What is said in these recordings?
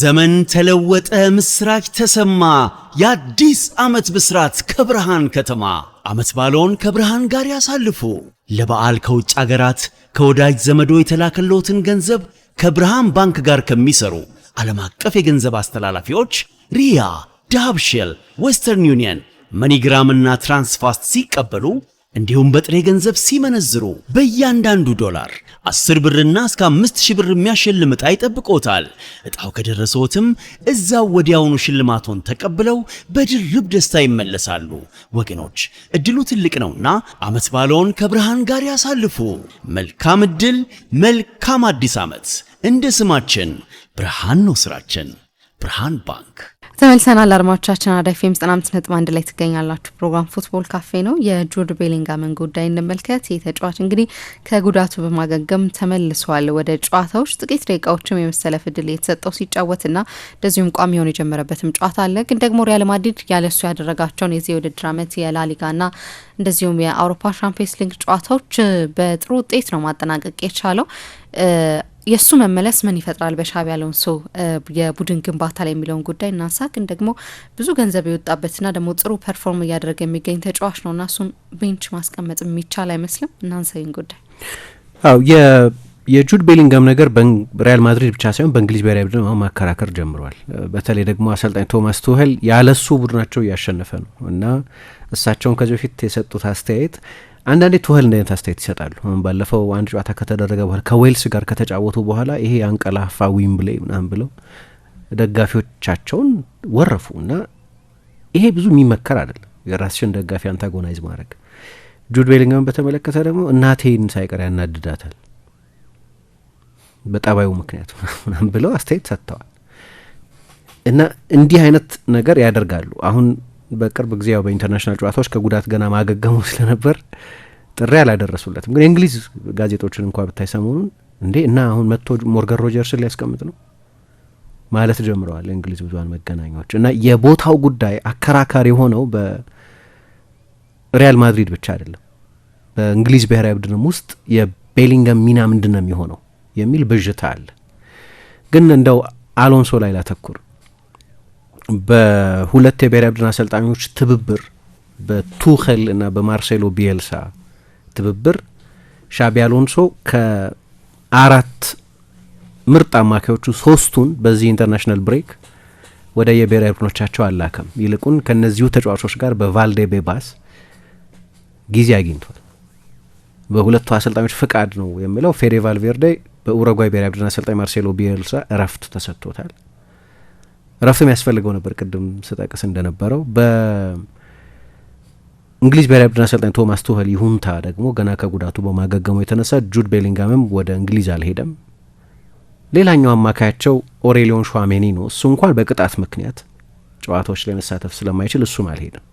ዘመን ተለወጠ፣ ምስራች ተሰማ፣ የአዲስ ዓመት ብስራት ከብርሃን ከተማ። ዓመት ባለውን ከብርሃን ጋር ያሳልፉ። ለበዓል ከውጭ አገራት ከወዳጅ ዘመዶ የተላከለዎትን ገንዘብ ከብርሃን ባንክ ጋር ከሚሰሩ ዓለም አቀፍ የገንዘብ አስተላላፊዎች ሪያ፣ ዳብሽል፣ ዌስተርን ዩኒየን፣ መኒግራም እና ትራንስፋስት ሲቀበሉ እንዲሁም በጥሬ ገንዘብ ሲመነዝሩ በእያንዳንዱ ዶላር አስር ብርና እስከ አምስት ሺህ ብር የሚያሸልም ዕጣ ይጠብቆታል። እጣው ከደረሰዎትም እዛው ወዲያውኑ ሽልማቶን ተቀብለው በድርብ ደስታ ይመለሳሉ። ወገኖች እድሉ ትልቅ ነውና አመት ባለውን ከብርሃን ጋር ያሳልፉ። መልካም እድል፣ መልካም አዲስ አመት እንደ ስማችን ብርሃን ነው ስራችን። ብርሃን ባንክ ተመልሰናል አድማጮቻችን፣ አራዳ ኤፍ ኤም ዘጠና አምስት ነጥብ አንድ ላይ ትገኛላችሁ። ፕሮግራም ፉትቦል ካፌ ነው። የጁድ ቤሊንጋምን ጉዳይ እንመልከት። ይህ ተጫዋች እንግዲህ ከጉዳቱ በማገገም ተመልሷል ወደ ጨዋታዎች። ጥቂት ደቂቃዎችም የመሰለፍ እድል የተሰጠው ሲጫወትና እንደዚሁም ቋሚ የሆነ የጀመረበትም ጨዋታ አለ። ግን ደግሞ ሪያል ማድሪድ ያለሱ ያደረጋቸውን የዚህ የውድድር ዓመት የላሊጋና እንደዚሁም የአውሮፓ ሻምፒየንስ ሊግ ጨዋታዎች በጥሩ ውጤት ነው ማጠናቀቅ የቻለው። የእሱ መመለስ ምን ይፈጥራል ያለውን አሎንሶ የቡድን ግንባታ ላይ የሚለውን ጉዳይ እናንሳ። ግን ደግሞ ብዙ ገንዘብ የወጣበትና ደግሞ ጥሩ ፐርፎርም እያደረገ የሚገኝ ተጫዋች ነው እና እሱን ቤንች ማስቀመጥ የሚቻል አይመስልም። እናንሳ ይህን ጉዳይ አው የጁድ ቤሊንጋም ነገር ሪያል ማድሪድ ብቻ ሳይሆን በእንግሊዝ ብሔራዊ ቡድን አሁን ማከራከር ጀምሯል። በተለይ ደግሞ አሰልጣኝ ቶማስ ቱሄል ያለሱ ቡድናቸው እያሸነፈ ነው እና እሳቸውን ከዚህ በፊት የሰጡት አስተያየት አንዳንዴ ቱሄል እንደ አይነት አስተያየት ይሰጣሉ። አሁን ባለፈው አንድ ጨዋታ ከተደረገ በኋላ ከዌልስ ጋር ከተጫወቱ በኋላ ይሄ የአንቀላፋ ዊምብሌ ምናምን ብለው ደጋፊዎቻቸውን ወረፉ እና ይሄ ብዙ የሚመከር አይደለም። የራስሽን ደጋፊ አንታጎናይዝ ማድረግ ጁድ ቤሊንጋምን በተመለከተ ደግሞ እናቴን ሳይቀር ያናድዳታል በጠባዩ ምክንያት ምናምን ብለው አስተያየት ሰጥተዋል። እና እንዲህ አይነት ነገር ያደርጋሉ። አሁን በቅርብ ጊዜ ያው በኢንተርናሽናል ጨዋታዎች ከጉዳት ገና ማገገሙ ስለነበር ጥሪ አላደረሱለትም። ግን የእንግሊዝ ጋዜጦችን እንኳ ብታይ ሰሞኑን እንዴ እና አሁን መጥቶ ሞርገን ሮጀርስን ሊያስቀምጥ ነው ማለት ጀምረዋል የእንግሊዝ ብዙኃን መገናኛዎች። እና የቦታው ጉዳይ አከራካሪ የሆነው በሪያል ማድሪድ ብቻ አይደለም፣ በእንግሊዝ ብሔራዊ ቡድንም ውስጥ የቤሊንገም ሚና ምንድን ነው የሚሆነው የሚል ብዥታ አለ። ግን እንደው አሎንሶ ላይ ላተኩር። በሁለት የብሔራዊ ቡድን አሰልጣኞች ትብብር በቱኸል እና በማርሴሎ ቢየልሳ ትብብር ሻቢ አሎንሶ ከአራት ምርጥ አማካዮቹ ሶስቱን በዚህ ኢንተርናሽናል ብሬክ ወደ የብሔራዊ ቡድኖቻቸው አላከም። ይልቁን ከእነዚሁ ተጫዋቾች ጋር በቫልዴ ቤባስ ጊዜ አግኝቷል። በሁለቱ አሰልጣኞች ፍቃድ ነው የሚለው ፌዴ ቫልቬርዴ በኡሩጓይ ብሔራዊ ቡድን አሰልጣኝ ማርሴሎ ቢየልሳ እረፍት ተሰጥቶታል። እረፍት የሚያስፈልገው ነበር። ቅድም ስጠቅስ እንደነበረው በእንግሊዝ ብሔራዊ ቡድን አሰልጣኝ ቶማስ ቱኸል ይሁንታ ደግሞ ገና ከጉዳቱ በማገገሙ የተነሳ ጁድ ቤሊንጋምም ወደ እንግሊዝ አልሄደም። ሌላኛው አማካያቸው ኦሬሊዮን ሸሜኒ ነው። እሱ እንኳን በቅጣት ምክንያት ጨዋታዎች ላይ መሳተፍ ስለማይችል እሱም አልሄድም።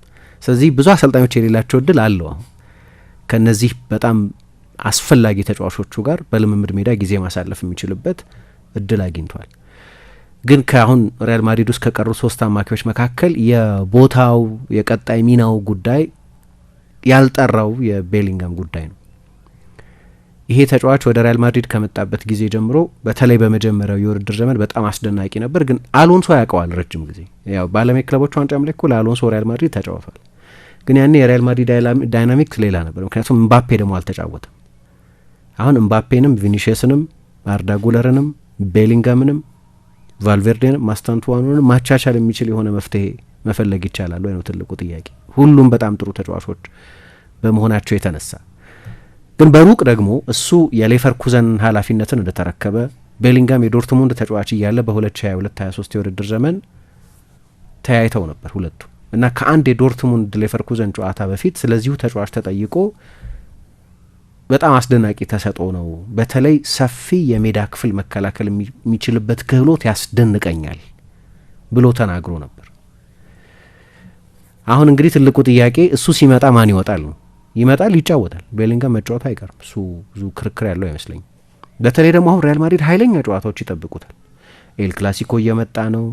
ስለዚህ ብዙ አሰልጣኞች የሌላቸው እድል አለው። አሁን ከእነዚህ በጣም አስፈላጊ ተጫዋቾቹ ጋር በልምምድ ሜዳ ጊዜ ማሳለፍ የሚችልበት እድል አግኝቷል። ግን ከአሁን ሪያል ማድሪድ ውስጥ ከቀሩ ሶስት አማካዮች መካከል የቦታው የቀጣይ ሚናው ጉዳይ ያልጠራው የቤሊንጋም ጉዳይ ነው። ይሄ ተጫዋች ወደ ሪያል ማድሪድ ከመጣበት ጊዜ ጀምሮ በተለይ በመጀመሪያው የውድድር ዘመን በጣም አስደናቂ ነበር። ግን አሎንሶ ያውቀዋል ረጅም ጊዜ ያው በዓለም ክለቦች ዋንጫም ላይ ለአሎንሶ ሪያል ማድሪድ ተጫውቷል። ግን ያኔ የሪያል ማድሪድ ዳይናሚክስ ሌላ ነበር፣ ምክንያቱም ምባፔ ደግሞ አልተጫወተም። አሁን እምባፔንም ቪኒሽስንም አርዳ ጉለርንም ቤሊንጋምንም ቫልቬርዴንም ማስታንትዋኑንም ማቻቻል የሚችል የሆነ መፍትሄ መፈለግ ይቻላል ወይ ነው ትልቁ ጥያቄ። ሁሉም በጣም ጥሩ ተጫዋቾች በመሆናቸው የተነሳ ግን በሩቅ ደግሞ እሱ የሌቨርኩዘን ኃላፊነትን እንደተረከበ ቤሊንጋም የዶርትሙንድ ተጫዋች እያለ በ2022/23 የውድድር ዘመን ተያይተው ነበር ሁለቱ እና ከአንድ የዶርትሙንድ ሌቨርኩዘን ጨዋታ በፊት ስለዚሁ ተጫዋች ተጠይቆ በጣም አስደናቂ ተሰጥኦ ነው። በተለይ ሰፊ የሜዳ ክፍል መከላከል የሚችልበት ክህሎት ያስደንቀኛል ብሎ ተናግሮ ነበር። አሁን እንግዲህ ትልቁ ጥያቄ እሱ ሲመጣ ማን ይወጣል ነው። ይመጣል፣ ይጫወታል። ቤሊንጋም መጫወቱ አይቀርም። እሱ ብዙ ክርክር ያለው አይመስለኝ። በተለይ ደግሞ አሁን ሪያል ማድሪድ ኃይለኛ ጨዋታዎች ይጠብቁታል። ኤል ክላሲኮ እየመጣ ነው።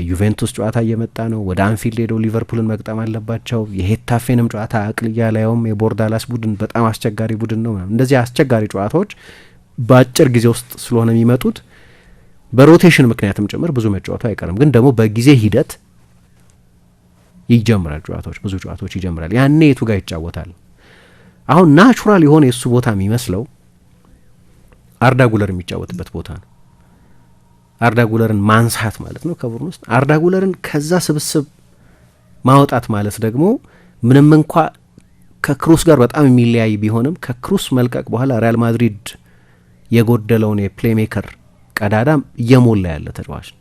የዩቬንቱስ ጨዋታ እየመጣ ነው። ወደ አንፊልድ ሄደው ሊቨርፑልን መቅጠም አለባቸው። የሄታፌንም ጨዋታ አቅልያ ላይውም የቦርዳላስ ቡድን በጣም አስቸጋሪ ቡድን ነው። እንደዚህ አስቸጋሪ ጨዋታዎች በአጭር ጊዜ ውስጥ ስለሆነ የሚመጡት በሮቴሽን ምክንያትም ጭምር ብዙ መጫወቱ አይቀርም። ግን ደግሞ በጊዜ ሂደት ይጀምራል ጨዋታዎች፣ ብዙ ጨዋታዎች ይጀምራል። ያኔ የቱ ጋር ይጫወታል? አሁን ናቹራል የሆነ የእሱ ቦታ የሚመስለው አርዳ ጉለር የሚጫወትበት ቦታ ነው። አርዳ ጉለርን ማንሳት ማለት ነው ከቡድን ውስጥ አርዳጉለርን ከዛ ስብስብ ማውጣት ማለት ደግሞ ምንም እንኳ ከክሩስ ጋር በጣም የሚለያይ ቢሆንም ከክሩስ መልቀቅ በኋላ ሪያል ማድሪድ የጎደለውን የፕሌሜከር ቀዳዳ እየሞላ ያለ ተጫዋች ነው።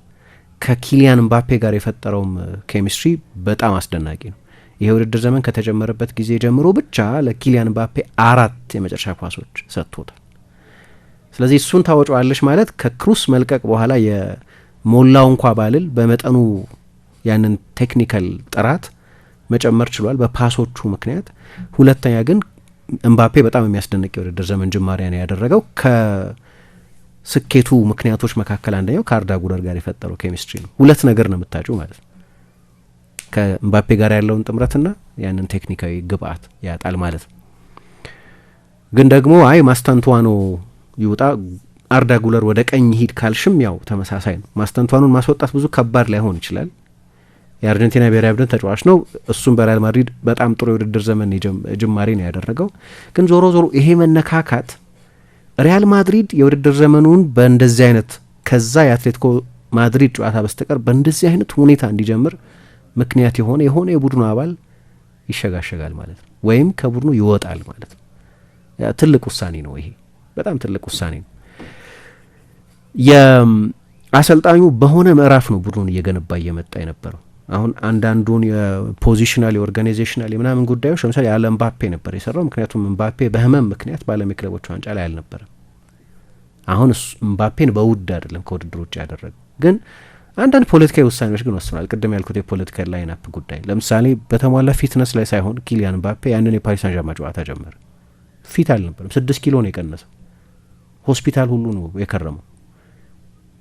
ከኪሊያን ምባፔ ጋር የፈጠረውም ኬሚስትሪ በጣም አስደናቂ ነው። ይሄ ውድድር ዘመን ከተጀመረበት ጊዜ ጀምሮ ብቻ ለኪሊያን ምባፔ አራት የመጨረሻ ኳሶች ሰጥቶታል። ስለዚህ እሱን ታወጫዋለሽ ማለት ከክሩስ መልቀቅ በኋላ የሞላው እንኳ ባልል በመጠኑ ያንን ቴክኒካል ጥራት መጨመር ችሏል በፓሶቹ ምክንያት። ሁለተኛ ግን እምባፔ በጣም የሚያስደንቅ የውድድር ዘመን ጅማሪያ ነው ያደረገው። ከስኬቱ ምክንያቶች መካከል አንደኛው ከአርዳ ጉለር ጋር የፈጠረው ኬሚስትሪ ነው። ሁለት ነገር ነው የምታጩ ማለት ነው ከእምባፔ ጋር ያለውን ጥምረትና ያንን ቴክኒካዊ ግብአት ያጣል ማለት ነው። ግን ደግሞ አይ ነው። ይውጣ አርዳ ጉለር ወደ ቀኝ ሂድ ካልሽም ያው ተመሳሳይ ነው። ማስተንቷኑን ማስወጣት ብዙ ከባድ ላይሆን ይችላል። የአርጀንቲና ብሔራዊ ቡድን ተጫዋች ነው። እሱም በሪያል ማድሪድ በጣም ጥሩ የውድድር ዘመን ጅማሬ ነው ያደረገው። ግን ዞሮ ዞሮ ይሄ መነካካት ሪያል ማድሪድ የውድድር ዘመኑን በእንደዚህ አይነት ከዛ የአትሌቲኮ ማድሪድ ጨዋታ በስተቀር በእንደዚህ አይነት ሁኔታ እንዲጀምር ምክንያት የሆነ የሆነ የቡድኑ አባል ይሸጋሸጋል ማለት ነው፣ ወይም ከቡድኑ ይወጣል ማለት ነው። ትልቅ ውሳኔ ነው ይሄ። በጣም ትልቅ ውሳኔ ነው። የአሰልጣኙ በሆነ ምዕራፍ ነው ቡድኑን እየገነባ እየመጣ የነበረው። አሁን አንዳንዱን የፖዚሽናል የኦርጋናይዜሽናል የምናምን ጉዳዮች ለምሳሌ ያለ እምባፔ ነበር የሰራው። ምክንያቱም እምባፔ በህመም ምክንያት በዓለም የክለቦች ዋንጫ ላይ አልነበረም። አሁን እምባፔን በውድ አይደለም ከውድድር ውጭ ያደረገ ግን አንዳንድ ፖለቲካዊ ውሳኔዎች ግን ወስኗል። ቅድም ያልኩት የፖለቲካ ላይን አፕ ጉዳይ ለምሳሌ በተሟላ ፊትነስ ላይ ሳይሆን ኪሊያን ምባፔ ያንን የፓሪስ ጨዋታ ጀመረ። ፊት አልነበረም፣ ስድስት ኪሎ ነው የቀነሰው። ሆስፒታል ሁሉ ነው የከረመው።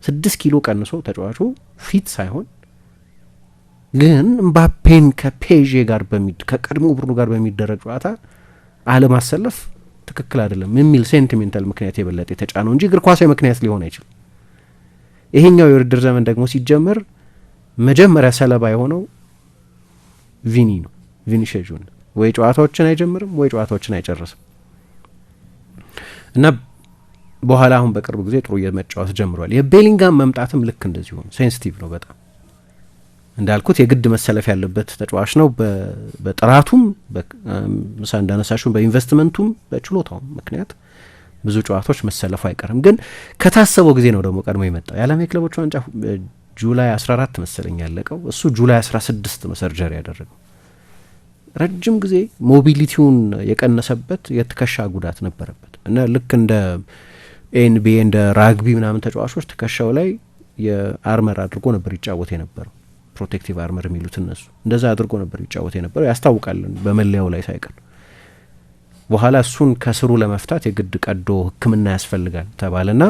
ስድስት ኪሎ ቀንሶ ተጫዋቹ ፊት ሳይሆን ግን እምባፔን ከፔዤ ጋር ከቀድሞ ቡድኑ ጋር በሚደረግ ጨዋታ አለማሰለፍ ትክክል አይደለም የሚል ሴንቲሜንታል ምክንያት የበለጠ የተጫነው እንጂ እግር ኳሳዊ ምክንያት ሊሆን አይችልም። ይሄኛው የውድድር ዘመን ደግሞ ሲጀመር መጀመሪያ ሰለባ የሆነው ቪኒ ነው። ቪኒ ወይ ጨዋታዎችን አይጀምርም ወይ ጨዋታዎችን አይጨርስም እና በኋላ አሁን በቅርብ ጊዜ ጥሩ የመጫወት ጀምሯል። የቤሊንጋም መምጣትም ልክ እንደዚሁ ሴንስቲቭ ነው በጣም እንዳልኩት የግድ መሰለፍ ያለበት ተጫዋች ነው። በጥራቱም ምሳ እንዳነሳሹም በኢንቨስትመንቱም በችሎታውም ምክንያት ብዙ ጨዋታዎች መሰለፉ አይቀርም። ግን ከታሰበው ጊዜ ነው ደግሞ ቀድሞ የመጣው። የዓለም የክለቦች ዋንጫ ጁላይ 14 መሰለኝ ያለቀው፣ እሱ ጁላይ 16 ነው ሰርጀሪ ያደረገው። ረጅም ጊዜ ሞቢሊቲውን የቀነሰበት የትከሻ ጉዳት ነበረበት እና ልክ እንደ ኤንቢኤ እንደ ራግቢ ምናምን ተጫዋቾች ትከሻው ላይ የአርመር አድርጎ ነበር ይጫወት የነበረው። ፕሮቴክቲቭ አርመር የሚሉት እነሱ እንደዛ አድርጎ ነበር ይጫወት የነበረው ያስታውቃል፣ በመለያው ላይ ሳይቀር። በኋላ እሱን ከስሩ ለመፍታት የግድ ቀዶ ሕክምና ያስፈልጋል ተባለና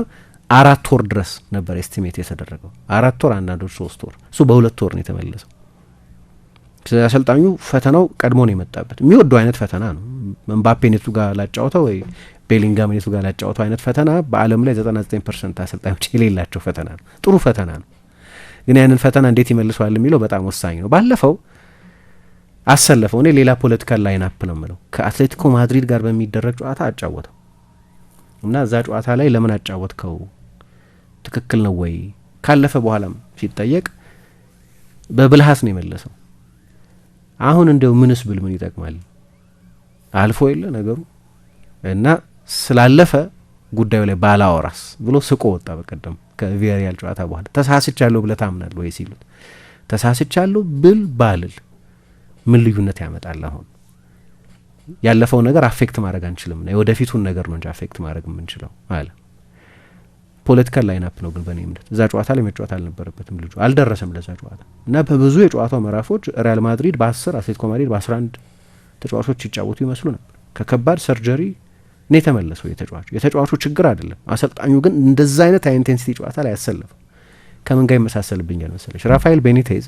አራት ወር ድረስ ነበር ኤስቲሜት የተደረገው። አራት ወር አንዳንዶች ሶስት ወር፣ እሱ በሁለት ወር ነው የተመለሰው። አሰልጣኙ ፈተናው ቀድሞ ነው የመጣበት። የሚወደው አይነት ፈተና ነው። መንባፔ ኔቱ ጋር ላጫወተው ወይ ቤሊንጋም የቱ ጋር ላጫወቱ አይነት ፈተና በዓለም ላይ ዘጠና ዘጠኝ ፐርሰንት አሰልጣኞች የሌላቸው ፈተና ነው። ጥሩ ፈተና ነው፣ ግን ያንን ፈተና እንዴት ይመልሰዋል የሚለው በጣም ወሳኝ ነው። ባለፈው አሰለፈው እኔ ሌላ ፖለቲካል ላይን አፕ ነው ምለው ከአትሌቲኮ ማድሪድ ጋር በሚደረግ ጨዋታ አጫወተው እና እዛ ጨዋታ ላይ ለምን አጫወትከው ትክክል ነው ወይ ካለፈ በኋላም ሲጠየቅ በብልሃት ነው የመለሰው። አሁን እንደው ምንስ ብል ምን ይጠቅማል አልፎ የለ ነገሩ እና ስላለፈ ጉዳዩ ላይ ባላወራስ ብሎ ስቆ ወጣ። በቀደም ከቪያሪያል ጨዋታ በኋላ ተሳስቻለሁ ብለ ታምናለህ ወይ ሲሉት ተሳስቻለሁ ብል ባልል ምን ልዩነት ያመጣል? አሁን ያለፈው ነገር አፌክት ማድረግ አንችልም ና የወደፊቱን ነገር ነው እንጂ አፌክት ማድረግ የምንችለው አለ። ፖለቲካል ላይናፕ ነው ግን በእኔ እምነት እዛ ጨዋታ ላይ መጫወት አልነበረበትም ልጁ አልደረሰም ለዛ ጨዋታ እና በብዙ የጨዋታው ምዕራፎች ሪያል ማድሪድ በአስር 10 አትሌቲኮ ማድሪድ በአስራ አንድ ተጫዋቾች ይጫወቱ ይመስሉ ነበር ከከባድ ሰርጀሪ ነው የተመለሰው የተጫዋቹ የተጫዋቹ ችግር አይደለም። አሰልጣኙ ግን እንደዛ አይነት ኢንቴንሲቲ ጨዋታ ላይ አሰለፈው። ከምን ጋር ይመሳሰልብኛል መሰለሽ? ራፋኤል ቤኒቴዝ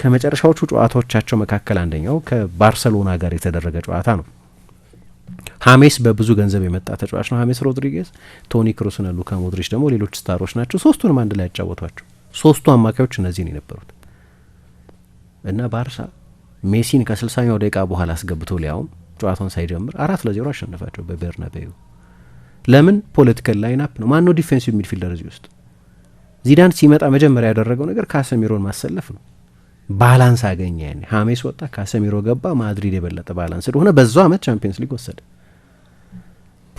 ከመጨረሻዎቹ ጨዋታዎቻቸው መካከል አንደኛው ከባርሰሎና ጋር የተደረገ ጨዋታ ነው። ሀሜስ በብዙ ገንዘብ የመጣ ተጫዋች ነው። ሀሜስ ሮድሪጌዝ፣ ቶኒ ክሩስና ሉካ ሞድሪች ደግሞ ሌሎች ስታሮች ናቸው። ሶስቱንም አንድ ላይ ያጫወቷቸው ሶስቱ አማካዮች እነዚህ ነው የነበሩት እና ባርሳ ሜሲን ከስልሳኛው ደቂቃ በኋላ አስገብቶ ሊያውም ጨዋታውን ሳይጀምር አራት ለዜሮ አሸነፋቸው በበርናቤዩ። ለምን ፖለቲካል ላይን ነው። ማን ነው ዲፌንሲቭ ሚድፊልደር እዚህ ውስጥ? ዚዳን ሲመጣ መጀመሪያ ያደረገው ነገር ካሰሚሮን ማሰለፍ ነው። ባላንስ አገኘ። ያኔ ሀሜስ ወጣ፣ ካሰሚሮ ገባ። ማድሪድ የበለጠ ባላንስ ስለሆነ በዛው አመት ቻምፒየንስ ሊግ ወሰደ።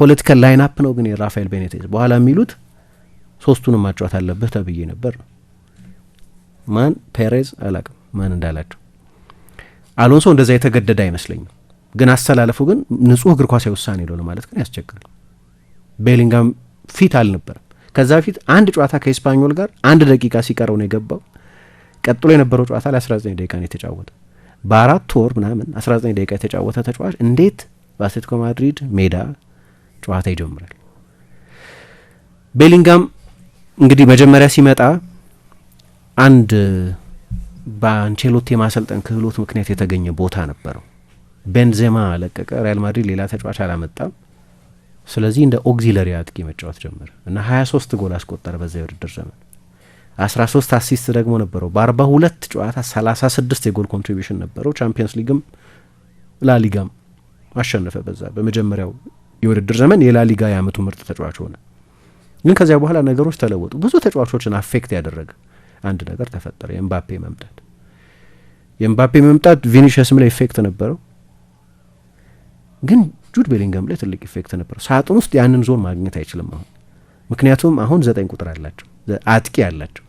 ፖለቲካል ላይን ነው ግን የራፋኤል ቤኔቴዝ በኋላ የሚሉት ሶስቱንም ማጫወት አለብህ ተብዬ ነበር ማን ፔሬዝ አላቅም ማን እንዳላቸው አሎንሶ እንደዛ የተገደደ አይመስለኝም። ግን አሰላለፉ ግን ንጹህ እግር ኳሳዊ ውሳኔ ነው ለማለት ግን ያስቸግራል። ቤሊንጋም ፊት አልነበረም። ከዛ በፊት አንድ ጨዋታ ከኤስፓኞል ጋር አንድ ደቂቃ ሲቀረው ነው የገባው። ቀጥሎ የነበረው ጨዋታ ላይ 19 ደቂቃ ነው የተጫወተ። በአራት ወር ምናምን 19 ደቂቃ የተጫወተ ተጫዋች እንዴት በአትሌቲኮ ማድሪድ ሜዳ ጨዋታ ይጀምራል? ቤሊንጋም እንግዲህ መጀመሪያ ሲመጣ አንድ በአንቼሎቲ የማሰልጠን ክህሎት ምክንያት የተገኘ ቦታ ነበረው። ቤንዜማ ለቀቀ። ሪያል ማድሪድ ሌላ ተጫዋች አላመጣም። ስለዚህ እንደ ኦግዚለሪ አጥቂ መጫወት ጀመረ እና 23 ጎል አስቆጠረ በዛ የውድድር ዘመን 13 አሲስት ደግሞ ነበረው። በ42 ጨዋታ 36 የጎል ኮንትሪቢሽን ነበረው። ቻምፒየንስ ሊግም ላሊጋም አሸነፈ። በዛ በመጀመሪያው የውድድር ዘመን የላሊጋ የአመቱ ምርጥ ተጫዋች ሆነ። ግን ከዚያ በኋላ ነገሮች ተለወጡ። ብዙ ተጫዋቾችን አፌክት ያደረገ አንድ ነገር ተፈጠረ። የኤምባፔ መምጣት የኤምባፔ መምጣት ቪኒሽስም ላይ ኢፌክት ነበረው ግን ጁድ ቤሊንገም ላይ ትልቅ ኢፌክት ነበረው። ሳጥን ውስጥ ያንን ዞን ማግኘት አይችልም አሁን ምክንያቱም አሁን ዘጠኝ ቁጥር አላቸው አጥቂ አላቸው።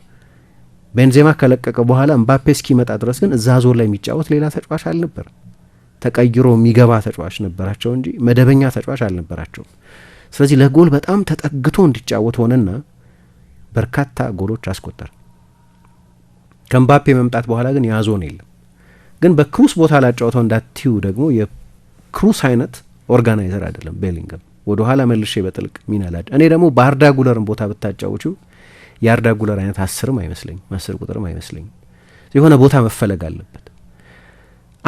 ቤንዜማ ከለቀቀ በኋላ እምባፔ እስኪመጣ ድረስ ግን እዛ ዞን ላይ የሚጫወት ሌላ ተጫዋች አልነበር። ተቀይሮ የሚገባ ተጫዋች ነበራቸው እንጂ መደበኛ ተጫዋች አልነበራቸውም። ስለዚህ ለጎል በጣም ተጠግቶ እንዲጫወት ሆነና በርካታ ጎሎች አስቆጠረ። ከምባፔ መምጣት በኋላ ግን ያ ዞን የለም። ግን በክሩስ ቦታ ላጫወተው እንዳትዩ ደግሞ ክሩስ አይነት ኦርጋናይዘር አይደለም ቤሊንገም። ወደ ኋላ መልሼ በጥልቅ ሚናላድ እኔ ደግሞ በአርዳ ጉለርን ቦታ ብታጫውችው የአርዳ ጉለር አይነት አስርም አይመስለኝም አስር ቁጥርም አይመስለኝም። የሆነ ቦታ መፈለግ አለበት።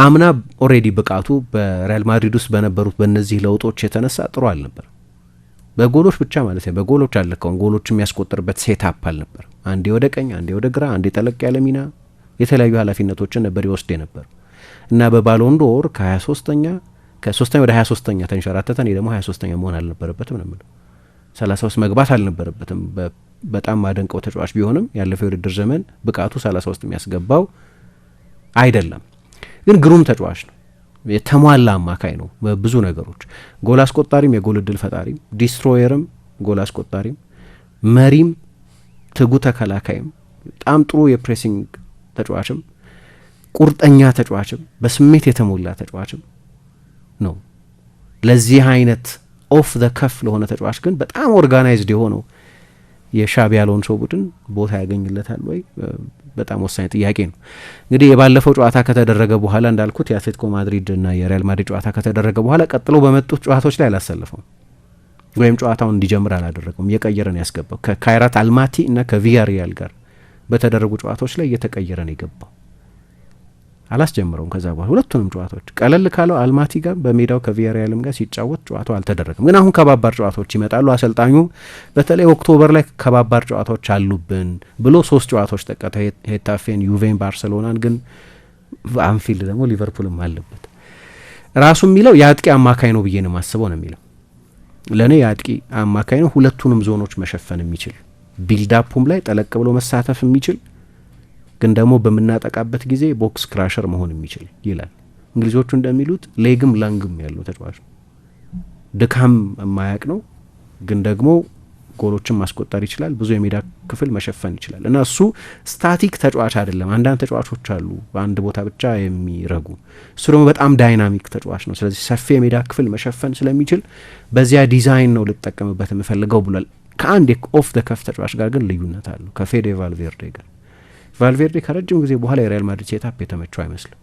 አምና ኦሬዲ ብቃቱ በሪያል ማድሪድ ውስጥ በነበሩት በእነዚህ ለውጦች የተነሳ ጥሩ አልነበር። በጎሎች ብቻ ማለት ነው። በጎሎች አለከውን ጎሎች የሚያስቆጥርበት ሴታፕ አልነበር። አንዴ ወደ ቀኝ፣ አንዴ ወደ ግራ፣ አንዴ ጠለቅ ያለ ሚና የተለያዩ ኃላፊነቶችን ነበር ይወስድ የነበር እና በባሎንዶር ከ23ኛ ከሶስተኛ ወደ ሀያ ሶስተኛ ተንሸራተተ። እኔ ደግሞ ሀያ ሶስተኛ መሆን አልነበረበትም ነው የምለው። ሰላሳ ውስጥ መግባት አልነበረበትም። በጣም ማደንቀው ተጫዋች ቢሆንም ያለፈው የውድድር ዘመን ብቃቱ ሰላሳ ውስጥ የሚያስገባው አይደለም። ግን ግሩም ተጫዋች ነው። የተሟላ አማካይ ነው በብዙ ነገሮች። ጎል አስቆጣሪም፣ የጎል እድል ፈጣሪም፣ ዲስትሮየርም፣ ጎል አስቆጣሪም፣ መሪም፣ ትጉ ተከላካይም፣ በጣም ጥሩ የፕሬሲንግ ተጫዋችም፣ ቁርጠኛ ተጫዋችም፣ በስሜት የተሞላ ተጫዋችም ነው። ለዚህ አይነት ኦፍ ዘ ከፍ ለሆነ ተጫዋች ግን በጣም ኦርጋናይዝድ የሆነው የሻቢ አሎንሶ ቡድን ቦታ ያገኝለታል ወይ? በጣም ወሳኝ ጥያቄ ነው። እንግዲህ የባለፈው ጨዋታ ከተደረገ በኋላ እንዳልኩት የአትሌቲኮ ማድሪድ እና የሪያል ማድሪድ ጨዋታ ከተደረገ በኋላ ቀጥሎ በመጡት ጨዋታዎች ላይ አላሰለፈውም ወይም ጨዋታውን እንዲጀምር አላደረገውም። እየቀየረ ነው ያስገባው። ከካይራት አልማቲ እና ከቪያሪያል ጋር በተደረጉ ጨዋታዎች ላይ እየተቀየረ ነው የገባው። አላስጀምረውም። ከዛ በኋላ ሁለቱንም ጨዋታዎች ቀለል ካለው አልማቲ ጋር በሜዳው ከቪያሪያልም ጋር ሲጫወት ጨዋታው አልተደረገም። ግን አሁን ከባባር ጨዋታዎች ይመጣሉ። አሰልጣኙ በተለይ ኦክቶበር ላይ ከባባር ጨዋታዎች አሉብን ብሎ ሶስት ጨዋታዎች ጠቀተ። ሄታፌን፣ ዩቬን፣ ባርሰሎናን። ግን አንፊልድ ደግሞ ሊቨርፑልም አለበት። ራሱ የሚለው የአጥቂ አማካኝ ነው ብዬ ነው የማስበው ነው የሚለው ለእኔ የአጥቂ አማካኝ ነው። ሁለቱንም ዞኖች መሸፈን የሚችል ቢልዳፑም ላይ ጠለቅ ብሎ መሳተፍ የሚችል ግን ደግሞ በምናጠቃበት ጊዜ ቦክስ ክራሸር መሆን የሚችል ይላል። እንግሊዞቹ እንደሚሉት ሌግም ላንግም ያለው ተጫዋች ነው። ድካም የማያቅ ነው፣ ግን ደግሞ ጎሎችን ማስቆጠር ይችላል። ብዙ የሜዳ ክፍል መሸፈን ይችላል እና እሱ ስታቲክ ተጫዋች አይደለም። አንዳንድ ተጫዋቾች አሉ በአንድ ቦታ ብቻ የሚረጉ። እሱ ደግሞ በጣም ዳይናሚክ ተጫዋች ነው። ስለዚህ ሰፊ የሜዳ ክፍል መሸፈን ስለሚችል በዚያ ዲዛይን ነው ልጠቀምበት የምፈልገው ብሏል። ከአንድ ኦፍ ደ ከፍ ተጫዋች ጋር ግን ልዩነት አለው ከፌዴ ቫልቬርዴ ጋር ቫልቬርዴ ከረጅም ጊዜ በኋላ የሪያል ማድሪድ ሴታፕ የተመቸው አይመስልም።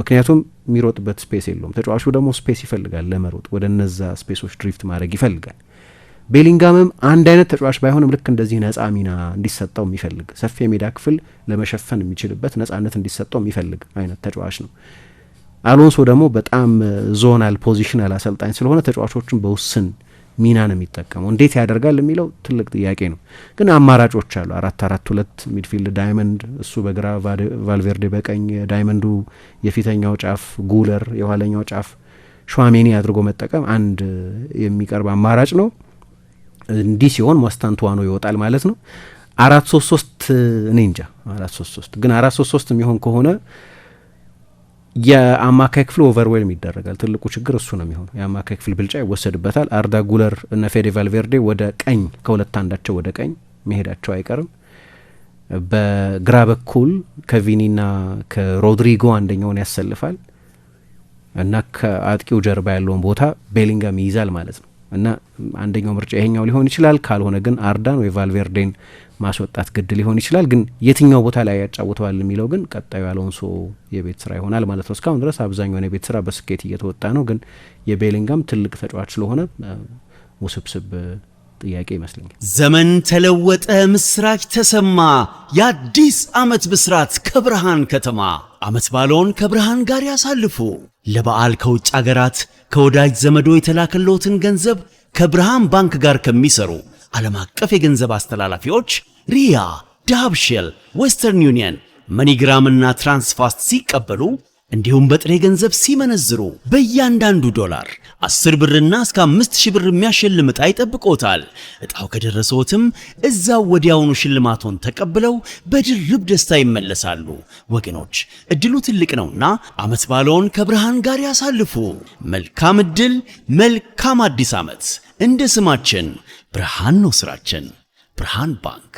ምክንያቱም የሚሮጥበት ስፔስ የለውም። ተጫዋቹ ደግሞ ስፔስ ይፈልጋል ለመሮጥ፣ ወደ እነዛ ስፔሶች ድሪፍት ማድረግ ይፈልጋል። ቤሊንጋምም አንድ አይነት ተጫዋች ባይሆንም ልክ እንደዚህ ነጻ ሚና እንዲሰጠው የሚፈልግ ሰፊ የሜዳ ክፍል ለመሸፈን የሚችልበት ነጻነት እንዲሰጠው የሚፈልግ አይነት ተጫዋች ነው። አሎንሶ ደግሞ በጣም ዞናል ፖዚሽናል አሰልጣኝ ስለሆነ ተጫዋቾቹን በውስን ሚና ነው የሚጠቀመው። እንዴት ያደርጋል የሚለው ትልቅ ጥያቄ ነው። ግን አማራጮች አሉ። አራት አራት ሁለት ሚድፊልድ ዳይመንድ፣ እሱ በግራ ቫልቬርዴ በቀኝ ዳይመንዱ የፊተኛው ጫፍ ጉለር፣ የኋለኛው ጫፍ ሸሜኒ አድርጎ መጠቀም አንድ የሚቀርብ አማራጭ ነው። እንዲህ ሲሆን ሞስታንቱዋኖ ይወጣል ማለት ነው። አራት ሶስት ሶስት እኔ እንጃ አራት ሶስት ሶስት ግን አራት ሶስት ሶስት የሚሆን ከሆነ የአማካይ ክፍል ኦቨርዌልም ይደረጋል። ትልቁ ችግር እሱ ነው የሚሆነው። የአማካይ ክፍል ብልጫ ይወሰድበታል። አርዳ ጉለር እና ፌዴ ቫልቬርዴ ወደ ቀኝ ከሁለት አንዳቸው ወደ ቀኝ መሄዳቸው አይቀርም። በግራ በኩል ከቪኒና ከሮድሪጎ አንደኛውን ያሰልፋል እና ከአጥቂው ጀርባ ያለውን ቦታ ቤሊንጋም ይይዛል ማለት ነው እና አንደኛው ምርጫ ይሄኛው ሊሆን ይችላል። ካልሆነ ግን አርዳን ወይ ቫልቬርዴን ማስወጣት ግድ ሊሆን ይችላል። ግን የትኛው ቦታ ላይ ያጫውተዋል የሚለው ግን ቀጣዩ አሎንሶ የቤት ስራ ይሆናል ማለት ነው። እስካሁን ድረስ አብዛኛውን የቤት ስራ በስኬት እየተወጣ ነው። ግን የቤሊንጋም ትልቅ ተጫዋች ስለሆነ ውስብስብ ጥያቄ ይመስለኛል። ዘመን ተለወጠ፣ ምስራች ተሰማ። የአዲስ አመት ብስራት ከብርሃን ከተማ አመት ባለውን ከብርሃን ጋር ያሳልፉ። ለበዓል ከውጭ አገራት ከወዳጅ ዘመዶ የተላከለትን ገንዘብ ከብርሃን ባንክ ጋር ከሚሰሩ ዓለም አቀፍ የገንዘብ አስተላላፊዎች ሪያ፣ ዳብሽል፣ ዌስተርን ዩኒየን፣ መኒግራም እና ትራንስፋስት ሲቀበሉ እንዲሁም በጥሬ ገንዘብ ሲመነዝሩ በእያንዳንዱ ዶላር 10 ብርና እስከ 5000 ብር የሚያሸልም ዕጣ ይጠብቆታል። ዕጣው ከደረሰዎትም እዛው ወዲያውኑ ሽልማቶን ተቀብለው በድርብ ደስታ ይመለሳሉ። ወገኖች እድሉ ትልቅ ነውና ዓመት ባለውን ከብርሃን ጋር ያሳልፉ። መልካም እድል፣ መልካም አዲስ ዓመት። እንደ ስማችን ብርሃን ነው ስራችን። ብርሃን ባንክ